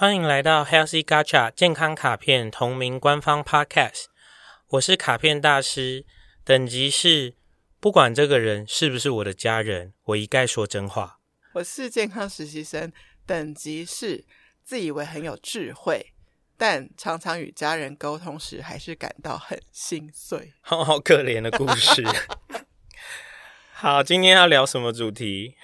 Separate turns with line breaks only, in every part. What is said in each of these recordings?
歡迎來到 Healthy Gacha 健康卡片同名官方 podcast，我是卡片大師，等級是不管這個人是不是我的家人，我一概說真話。
我是健康實習生，等級是自以為很有智慧，但常常與家人溝通時還是感到很心碎。
好好可憐的故事。 好，今天要聊什麼主題？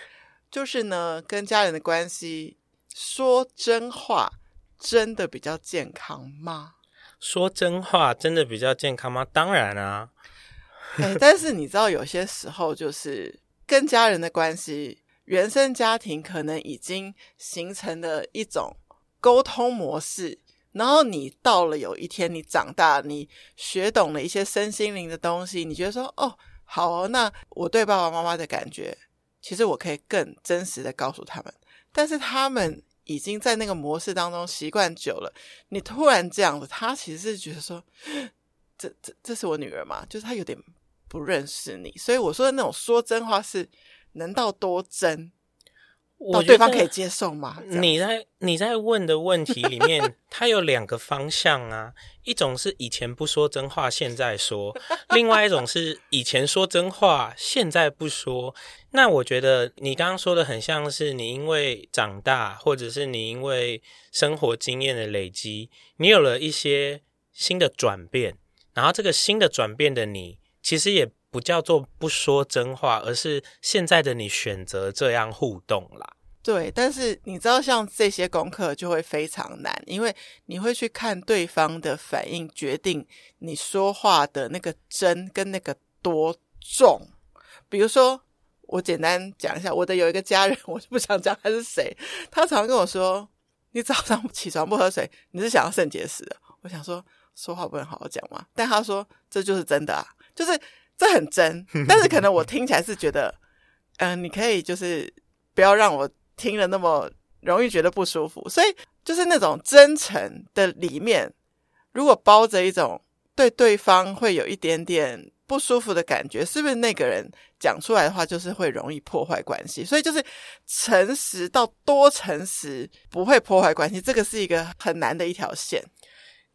就是呢，跟家人的關係。說真話真的比較健康嗎？
說真話真的比較健康嗎？當然啊，
欸、但是你知道，有些時候就是跟家人的關係，原生家庭可能已經形成了一種溝通模式，然後你到了有一天你長大，你學懂了一些身心靈的東西，你覺得說哦，好哦，那我對爸爸媽媽的感覺，其實我可以更真實的告訴他們。但是他們已經在那個模式當中習慣久了，你突然這樣子，他其實是覺得說，這這這是我女兒嘛，就是他有點不認識你，所以我說的那種說真話是能到多真。我對方可以接受嗎？你
在你在問的問題裡面，它有兩個方向啊，一種是以前不說真話，現在說，另外一種是以前說真話，現在不說。那我覺得你剛剛說的很像是你因為長大，或者是你因為生活經驗的累積，你有了一些新的轉變，然後這個新的轉變的你，其實也不叫做不說真話，而是現在的你選擇這樣互動啦。
對，但是你知道，像這些功課就會非常難，因為你會去看對方的反應，決定你說話的那個真跟那個多重。比如說，我簡單講一下，我的有一個家人，我就不想講他是誰，他常常跟我說：“你早上起床不喝水，你是想要腎結石。”我想說說話不能好好講嗎？但他說這就是真的啊，就是這很真。但是可能我聽起來是覺得，嗯、 呃，你可以就是不要讓我。聽了那麼容易覺得不舒服，所以就是那種真誠的裡面，如果包着一種對對方會有一點點不舒服的感覺，是不是那個人講出來的話就是會容易破壞關係？所以就是誠實到多誠實不會破壞關係，這個是一個很難的一條
線。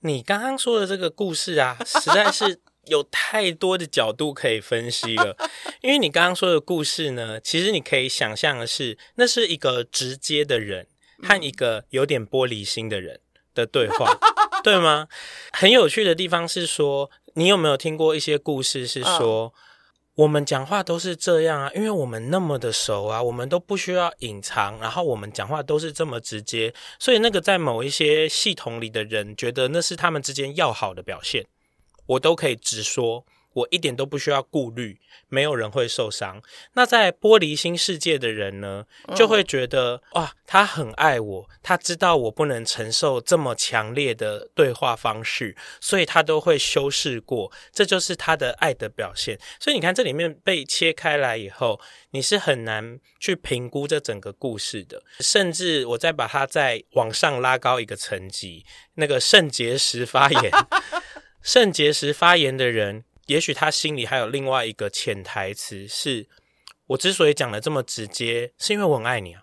你剛剛說的這個故事啊，實在是。 有太多的角度可以分析了，因為你剛剛說的故事呢，其實你可以想象的是，那是一個直接的人和一個有點玻璃心的人的對話，嗯、對嗎？很有趣的地方是說，你有沒有聽過一些故事？是說、哦、我們講話都是這樣啊，因為我們那麼的熟啊，我們都不需要隱藏，然後我們講話都是這麼直接，所以那個在某一些系統裡的人覺得那是他們之間要好的表現。我都可以直說，我一點都不需要顧慮，沒有人會受傷。那在玻璃心世界的人呢，就會覺得哇、嗯啊，他很愛我，他知道我不能承受這麼強烈的對話方式，所以他都會修飾過，這就是他的愛的表現。所以你看，這裡面被切開來以後，你是很難去評估這整個故事的。甚至我再把它再往上拉高一個層級，那個腎結石發炎。 腎結石發言的人，也許他心裡還有另外一個潛台詞，是我之所以講得這麼直接，是因為我很愛你啊，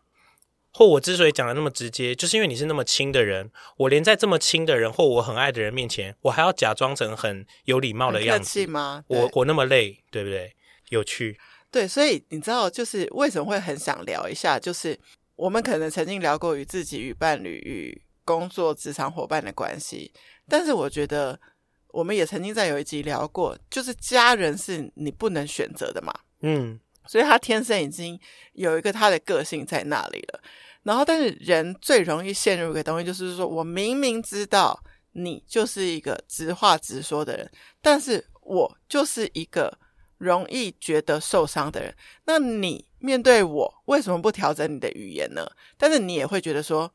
或我之所以講得那麼直接，就是因為你是那麼親的人，我連在這麼親的人或我很愛的人面前，我還要假裝成很有禮貌的樣子
嗎？我我
那麼累，對不對？有趣，
對，所以你知道，就是為什麼會很想聊一下，就是我們可能曾經聊過與自己、與伴侶、與工作、職場夥伴的關係，但是我覺得。我們也曾經在有一集聊過，就是家人是你不能選擇的嘛，嗯，所以他天生已經有一個他的個性在那裡了。然後，但是人最容易陷入一個東西，就是說我明明知道你就是一個直話直說的人，但是我就是一個容易覺得受傷的人。那你面對我為什麼不調整你的語言呢？但是你也會覺得說。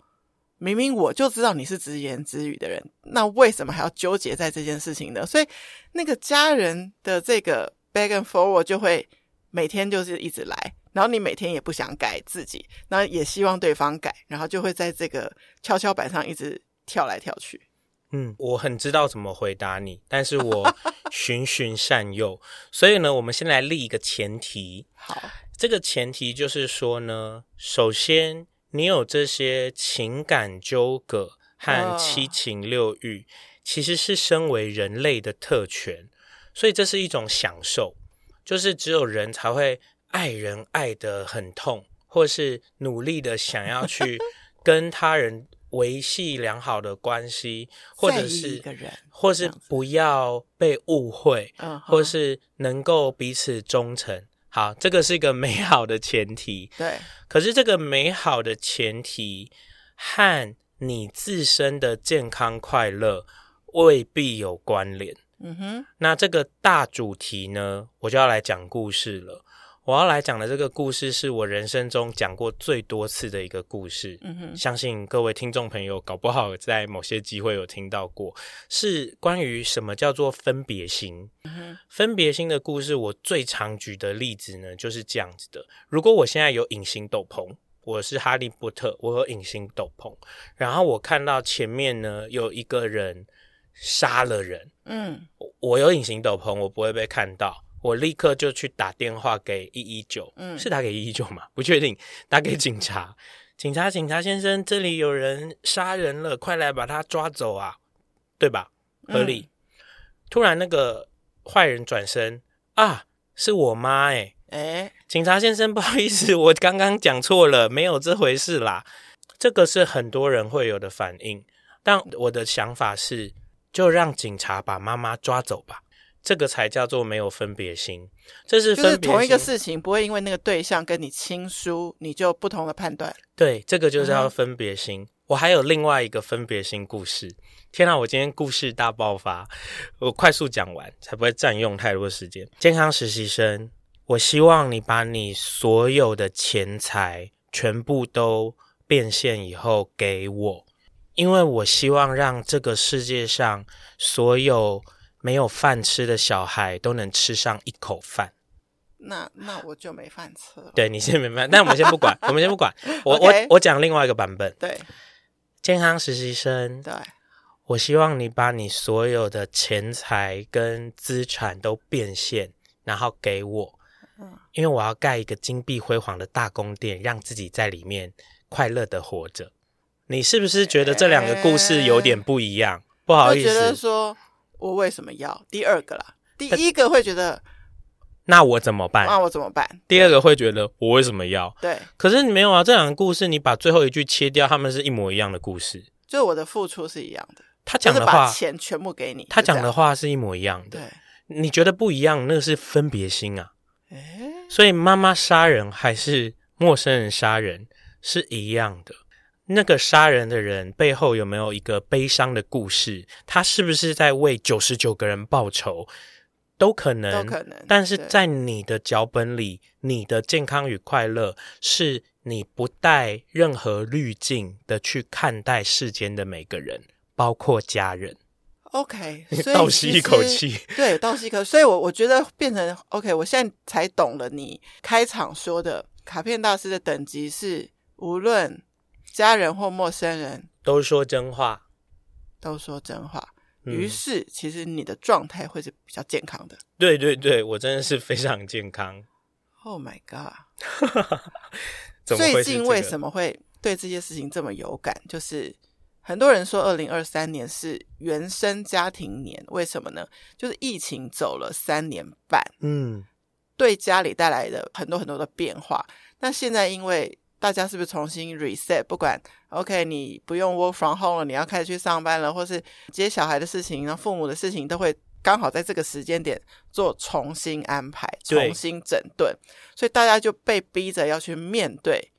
明明我就知道你是直言直語的人，那為什麼還要糾結在這件事情呢？所以那個家人的這個 back and forward 就會每天就是一直來，然後你每天也不想改自己，然後也希望對方改，然後就會在這個蹺蹺板上一直跳來跳去。
嗯，我很知道怎麼回答你，但是我循循善誘。 所以呢，我們先來立一個前提。好，這個前提就是說呢，首先。你有這些情感糾葛和七情六欲，oh. 其實是身為人類的特權，所以這是一種享受。就是只有人才會愛人愛得很痛，或是努力的想要去跟他人維繫良好的關係， 或者是，或是不要被誤會，uh-huh. 或是能夠彼此忠誠。好，這個是一個美好的前提。對，可是這個美好的前提和你自身的健康快樂未必有關聯。嗯哼，那這個大主題呢，我就要來講故事了。我要來講的這個故事，是我人生中講過最多次的一個故事。嗯哼，相信各位聽眾朋友，搞不好在某些機會有聽到過，是關於什麼叫做分別心。嗯。分別心的故事，我最常舉的例子呢，就是這樣子的。如果我現在有隱形斗篷，我是哈利波特，我有隱形斗篷，然後我看到前面呢有一個人殺了人，嗯，
我，
我有隱形斗篷，我不會被看到。我立刻就去打電話給一一九，嗯，是打給一一九嗎？不確定，打給警察。嗯。警察，警察先生，這裡有人殺人了，快來把他抓走啊，對吧？合理。嗯。突然，那個壞人轉身，啊，是我媽誒誒，警察先生，不好意思，我剛剛講錯了，沒有這回事啦。這個是很多人會有的反應，但我的想法是，就讓警察把媽媽抓走吧。這個才叫做沒有分別心，這是分別心，就是同一個事
情，不會因為那個對象跟你親疏，你就不同的判斷。
對，這個就是要分別心，嗯。我還有另外一個分別心故事，天哪！我今天故事大爆發，我快速講完，才不會占用太多時間。健康實習生，我希望你把你所有的錢財全部都變現以後給我，因為我希望讓這個世界上所有。沒有飯吃的小孩都能吃上一口飯，
那那我就沒飯吃了。 對，
你先沒飯，那 我們先不管， 我們先不管。我我我講另外一個版本。對，健康實習生。對，我希望你把你所有的錢財跟資產都變現，然後給我，嗯，因為我要蓋一個金碧輝煌的大宮殿，讓自己在裡面快樂的活着。你是不是覺得這兩個故事有點不一樣？欸，不好意思。我覺得
說。我為什麼要第二個啦？第一個會覺得，呃、
那我怎麼辦？那、啊、我怎麼辦？第二個會覺得我為什麼要？對，可是你沒有啊。這兩個故事，你把最後一句切掉，他們是一模一樣的故事。
就我的付出是一樣的。他講的話，就是、錢全部給你。他
講的，的話是一模一樣的。
對，
你覺得不一樣？那個是分別心啊。欸、所以媽媽殺人還是陌生人殺人是一樣的。那個殺人的人背後有沒有一個悲傷的故事？他是不是在為九十九個人報仇？都可能，都可能。但是在你的腳本裡，你的健康與快樂是你不帶任何濾鏡的去看待世間的每個人，包括家人。OK，你倒吸一口氣，
對，倒吸一口氣。所以我我覺得變成 OK，我現在才懂了你開場說的卡片大師的等級是無論。家人或陌生人
都說真話，
都說真話，嗯、於是其實你的狀態會是比較健康的。
對對對，我真的是非常健康。
Oh my god！ 怎麼、這個、最近為什麼會對這些事情這麼有感？就是很多人說，二零二三年是原生家庭年，為什麼呢？就是疫情走了三年半，嗯，對家裡帶來的很多很多的變化。那現在因為大家是不是重新 reset？不管 OK，你不用 work from home 了，你要開始去上班了，或是接小孩的事情，然後父母的事情都會剛好在這個時間點做重新安排、重新整頓，所以大家就被逼着要去面對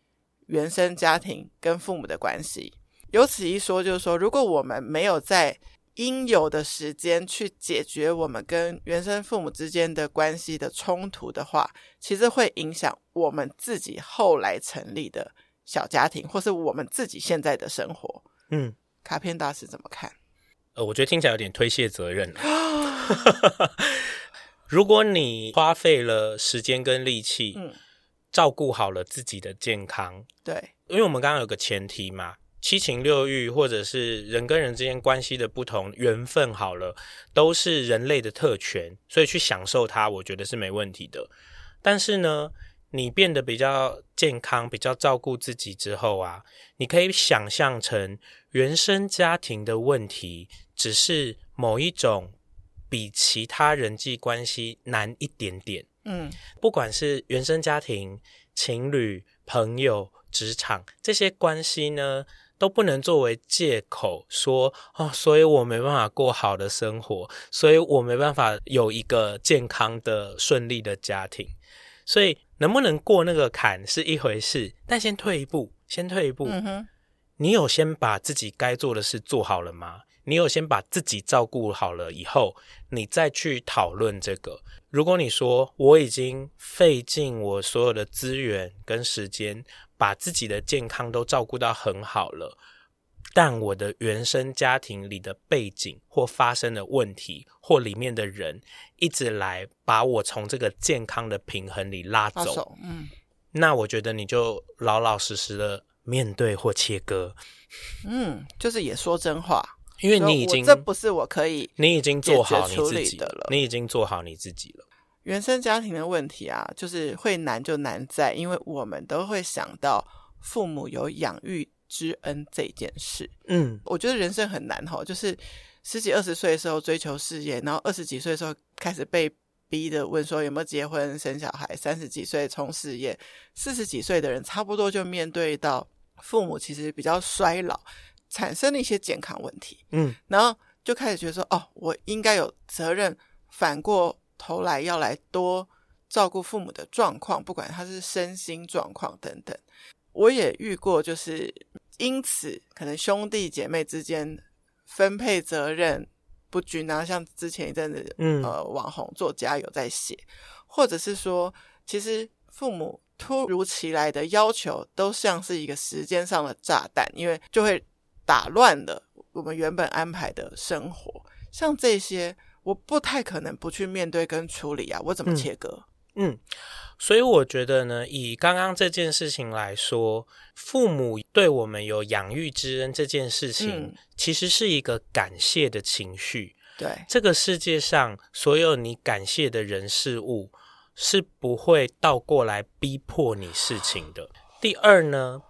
原生家庭跟父母的關係。有此一說，就是說，如果我們沒有在應有的時間去解決我們跟原生父母之間的關係的衝突的話，其實會影響我們自己後來成立的小家庭，或是我們自己現在的生活。嗯，卡片大師怎麼看？
呃，我覺得聽起來有點推卸責任啊。 如果你花費了時間跟力氣，嗯，照顧好了自己的健康，對，因為我們剛剛有個前提嘛。七情六慾，或者是人跟人之間關係的不同，緣分好了，都是人類的特權，所以去享受它，我覺得是沒問題的。但是呢，你變得比較健康、比較照顧自己之後啊，你可以想象成原生家庭的問題，只是某一種比其他人際關係難一點點。嗯，不管是原生家庭、情侶、朋友、職場這些關係呢。都不能作為借口說哦，所以我沒辦法過好的生活，所以我沒辦法有一個健康的、順利的家庭。所以能不能過那個坎是一回事，但先退一步，先退一步。嗯哼，你有先把自己該做的事做好了嗎？你有先把自己照顧好了以後，你再去討論這個。如果你說我已經費盡我所有的資源跟時間。把自己的健康都照顧到很好了，但我的原生家庭裡的背景或發生的問題，或裡面的人，一直來把我從這個健康的平衡裡拉走拉。嗯，那我覺得你就老老實實的面對或切割。嗯，
就是也說真話，因為你已經這不是我可以你，你已經做好你自己的
了，你已經做好你自己了。
原生家庭的問題啊，就是會難就難在，因為我們都會想到父母有養育之恩這件事。嗯，我覺得人生很難哈、哦，就是十幾二十歲的時候追求事業，然後二十幾歲的時候開始被逼的問說有沒有結婚生小孩，三十幾歲衝事業，四十幾歲的人差不多就面對到父母其實比較衰老，產生了一些健康問題。嗯，然後就開始覺得說，哦，我應該有責任反過。後來要來多照顧父母的狀況，不管他是身心狀況等等，我也遇過，就是因此可能兄弟姐妹之間分配責任不均啊，像之前一陣子，嗯，呃，網紅作家有在寫，或者是說，其實父母突如其來的要求，都像是一個時間上的炸彈，因為就會打亂了我們原本安排的生活，像這些。我不太可能不去面對跟處理啊，我怎麼
切割？嗯，嗯，所以我覺得呢，以剛剛這件事情來說，父母對我們有養育之恩這件事情，嗯、其實是一個感謝的情緒。對，這個世界上所有你感謝的人事物，是不會倒過來逼迫你事情的。 第二呢。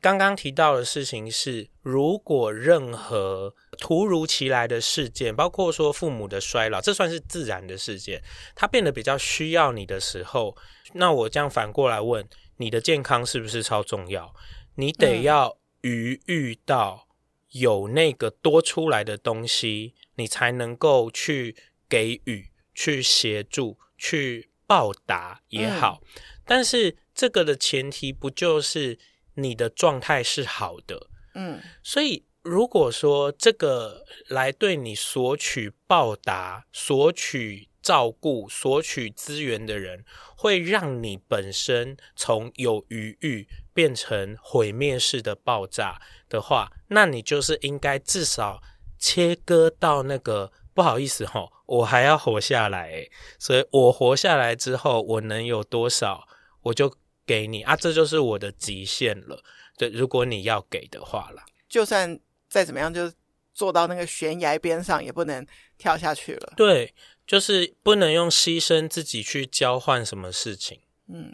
剛剛提到的事情是，如果任何突如其來的事件，包括說父母的衰老，這算是自然的事件，他變得比較需要你的時候，那我這樣反過來問，你的健康是不是超重要？你得要餘裕到有那個多出來的東西，你才能夠去給予、去協助、去報答也好。嗯。但是這個的前提不就是？你的狀態是好的，嗯，所以如果說這個來對你索取報答、索取照顧、索取資源的人，會讓你本身從有餘裕變成毀滅式的爆炸的話，那你就是應該至少切割到那個不好意思吼，我還要活下來、欸，所以我活下來之後，我能有多少，我就。給你啊，這就是我的極限了。對，如果你要給的話啦，
就算再怎麼樣，就坐到那個懸崖邊上也不能跳下去了。
對，就是不能用犧牲自己去交換什麼事情。
嗯，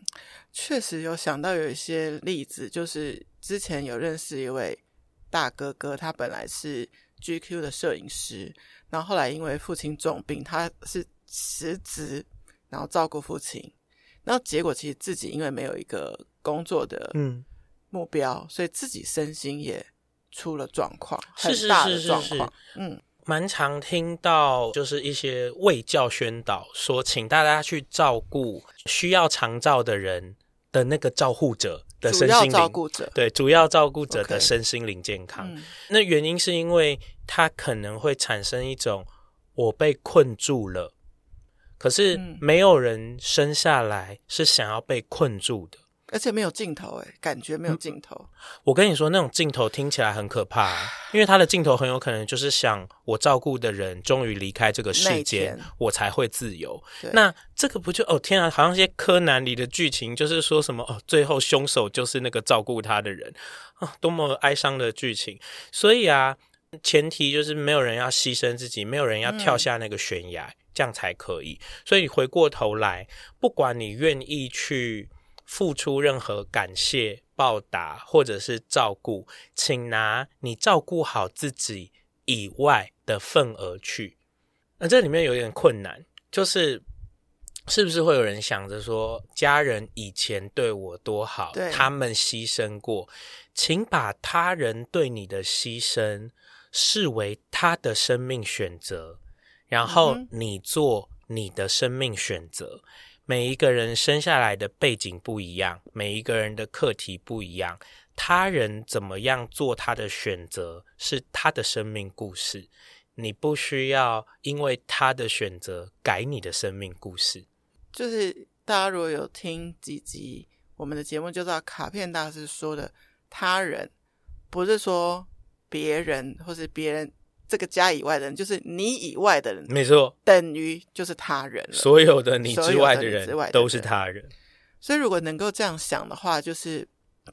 確實有想到有一些例子，就是之前有認識一位大哥哥，他本來是 GQ 的攝影師，然後後來因為父親重病，他是辭職然後照顧父親。然後結果，其實自己因為沒有一個工作的目標，嗯，所以自己身心也出了狀況，很大的狀況。
嗯，蠻常聽到就是一些衛教宣導說，請大家去照顧需要長照的人的那個照護者的身心靈，照顧者，對，主要照顧者的身心靈健康。okay，嗯。那原因是因為他可能會產生一種我被困住了。可是沒有人生下來是想要被困住的，而且沒有盡頭哎、欸，感覺沒有盡頭、嗯。我跟你說，那種盡頭聽起來很可怕、啊，因為他的盡頭很有可能就是想我照顧的人終於離開這個世界，我才會自由。那這個不就哦天啊，好像一些柯南裡的劇情，就是說什麼哦，最後兇手就是那個照顧他的人啊、哦，多麼哀傷的劇情。所以啊，前提就是沒有人要犧牲自己，沒有人要跳下那個懸崖。嗯這樣才可以。所以你回過頭來，不管你願意去付出任何感謝、報答，或者是照顧，請拿你照顧好自己以外的份額去。那、呃、這裡面有點困難，就是是不是會有人想着說，家人以前對我多好，他們犧牲過，請把他人對你的犧牲視為他的生命選擇。然後你做你的生命選擇。嗯。每一個人生下來的背景不一樣，每一個人的課題不一樣。他人怎麼樣做他的選擇，是他的生命故事。你不需要因為他的選擇改你的生命故事。就
是大家如果有聽幾集我們的節目，就知道卡片大師說的他人，不是說別人或是別人。這個家以外的人，就是你以外的人，沒錯，等於就是他人了。所
有的你之外的人，都是他人。
所以，如果能夠這樣想的話，就是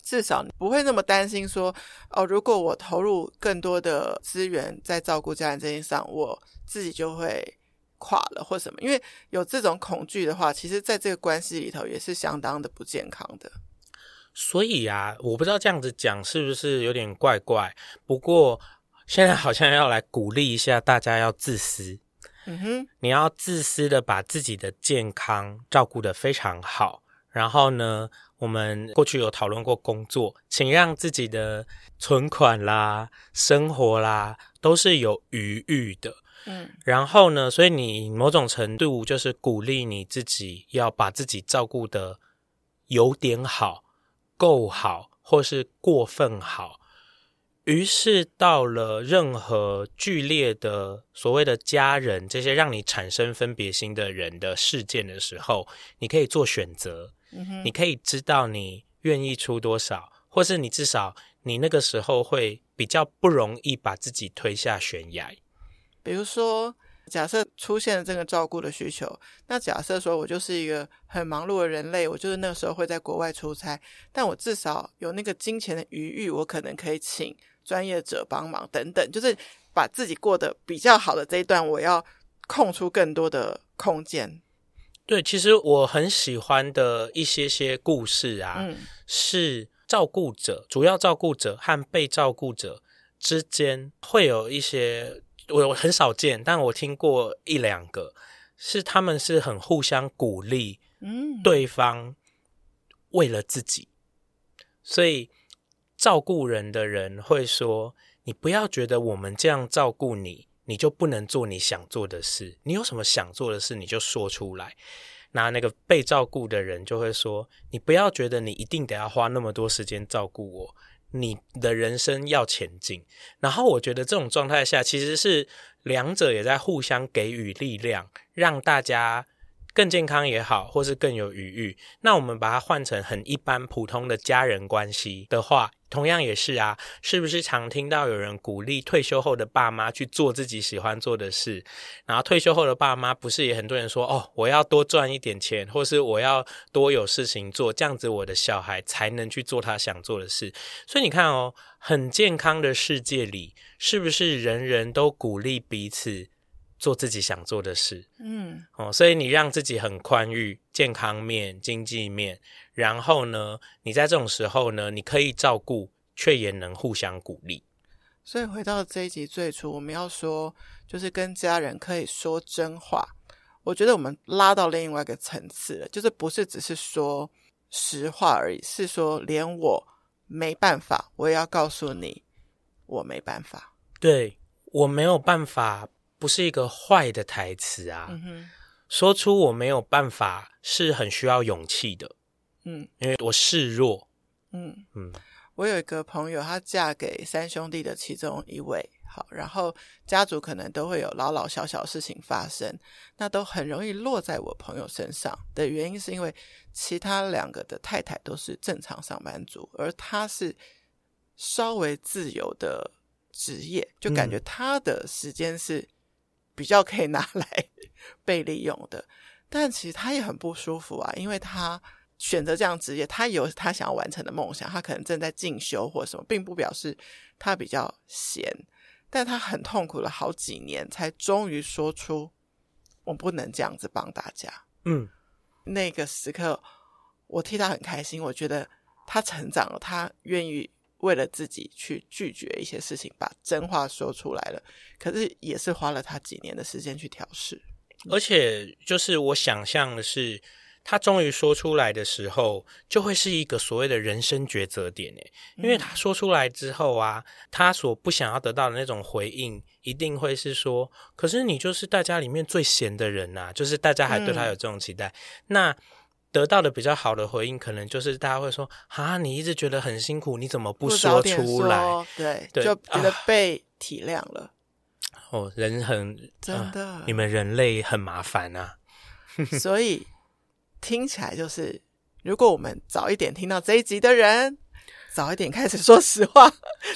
至少你不會那麼擔心說，哦，如果我投入更多的資源在照顧家人這件事上，我自己就會垮了或什麼。因為有這種恐懼的話，其實在這個關係裡頭也是相當的不健康的。
所以呀，我不知道這樣子講是不是有點怪怪，不過。現在好像要來鼓勵一下大家要自私，嗯哼，你要自私的把自己的健康照顧得非常好。然後呢，我們過去有討論過工作，請讓自己的存款啦、生活啦都是有餘裕的。嗯，然後呢，所以你某種程度就是鼓勵你自己要把自己照顧得有點好、夠好，或是過分好。於是到了任何劇烈的所謂的家人這些讓你產生分別心的人的事件的時候，你可以做選擇，嗯，你可以知道你願意出多少，或是你至少你那個時候會比較不容易把自己推下懸崖。
比如說，假設出現了這個照顧的需求，那假設說我就是一個很忙碌的人類，我就是那個時候會在國外出差，但我至少有那個金錢的餘裕，我可能可以請。專業者幫忙等等，就是把自己過得比較好的這一段，我要空出更多的空間。
對，其實我很喜歡的一些些故事啊、嗯，是照顧者，主要照顧者和被照顧者之間會有一些我很少見，但我聽過一兩個，是他們是很互相鼓勵，嗯，對方為了自己，嗯、所以。照顧人的人會說：“你不要覺得我們這樣照顧你，你就不能做你想做的事。你有什麼想做的事，你就說出來。”那那個被照顧的人就會說：“你不要覺得你一定得要花那麼多時間照顧我，你的人生要前進。”然後我覺得這種狀態下，其實是兩者也在互相給予力量，讓大家。更健康也好，或是更有餘裕，那我們把它換成很一般普通的家人關係的話，同樣也是啊，是不是常聽到有人鼓勵退休後的爸媽去做自己喜歡做的事？然後退休後的爸媽不是也很多人說哦，我要多賺一點錢，或是我要多有事情做，這樣子我的小孩才能去做他想做的事。所以你看哦，很健康的世界裡，是不是人人都鼓勵彼此，做自己想做的事，嗯，哦，所以你讓自己很寬裕，健康面、經濟面，然後呢，你在這種時候呢，你可以照顧，卻也能互相鼓勵。
所以回到這一集最初，我們要說，就是跟家人可以說真話。我覺得我們拉到另外一個層次了，就是不是只是說實話而已，是說連我沒辦法，我也要告訴你，我沒辦法，
對，我沒有辦法。不是一個壞的台詞啊！嗯哼，說出我沒有辦法是很需要勇氣的，嗯，因為我示弱。嗯嗯，我
有一個朋友，她嫁給三兄弟的其中一位，好，然後家族可能都會有老老小小事情發生，那都很容易落在我朋友身上的原因是因為其他兩個的太太都是正常上班族，而她是稍微自由的職業，就感覺他的時間是、嗯。比較可以拿來被利用的，但其實他也很不舒服啊。因為他選擇這樣職業，他有他想要完成的夢想，他可能正在進修或什麼，並不表示他比較閒。但他很痛苦了好幾年，才終於說出：“我不能這樣子幫大家。”嗯，那個時刻，我替他很開心。我覺得他成長了，他願意。為了自己去拒絕一些事情，把真話說出來了，可是也是花了他幾年的時間去調試。
而且，就是我想象的是，他終於說出來的時候，就會是一個所謂的人生抉擇點，誒，因為他說出來之後啊、嗯，他所不想要得到的那種回應，一定會是說，可是你就是大家裡面最閒的人吶、啊，就是大家還對他有這種期待，嗯、那。得到的比較好的回應，可能就是大家會說：“啊，你一直覺得很辛苦，你怎麼不說出來？”對，對，就覺得被
體諒了、
啊。哦，人很真的、嗯，你們人類很麻煩啊。
所以聽起來就是，如果我們早一點聽到這一集的人，早一點開始說實話，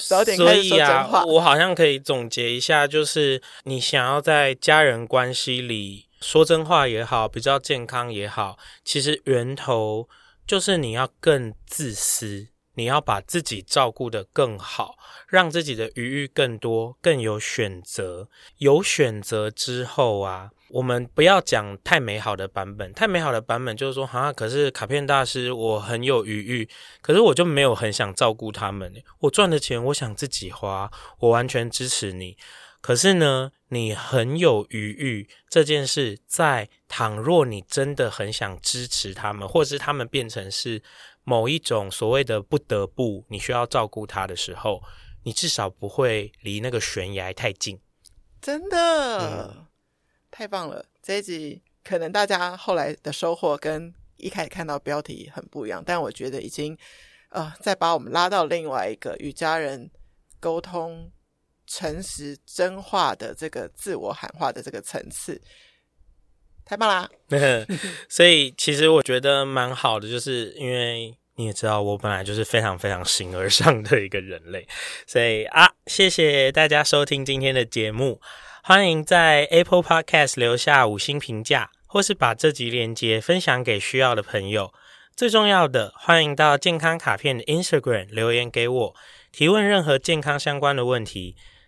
早點開始說真話。所
以、啊，我好像可以總結一下，就是你想要在家人關係裡，說真話也好，比較健康也好，其實源頭就是你要更自私，你要把自己照顧得更好，讓自己的餘裕更多，更有選擇。有選擇之後啊，我們不要講太美好的版本。太美好的版本就是說，哈、啊，可是卡片大師，我很有餘裕，可是我就沒有很想照顧他們。我賺的錢，我想自己花，我完全支持你。可是呢，你很有餘裕這件事，在倘若你真的很想支持他們，或是他們變成是某一種所謂的不得不你需要照顧他的時候，你至少不會離那個懸崖太近。
真的，嗯呃、太棒了！這一集可能大家後來的收穫跟一開始看到標題很不一樣，但我覺得已經呃，再把我們拉到另外一個與家人溝通，誠實、真話的這個自我喊話的這個層次，太棒啦、
啊！ 所以其實我覺得蠻好的，就是因為你也知道，我本來就是非常非常形而上的一個人類，所以啊，謝謝大家收聽今天的節目，歡迎在 Apple Podcast 留下五星評價，或是把這集連結分享給需要的朋友。最重要的，歡迎到健康卡片的 Instagram 留言給我，提問任何健康相關的問題。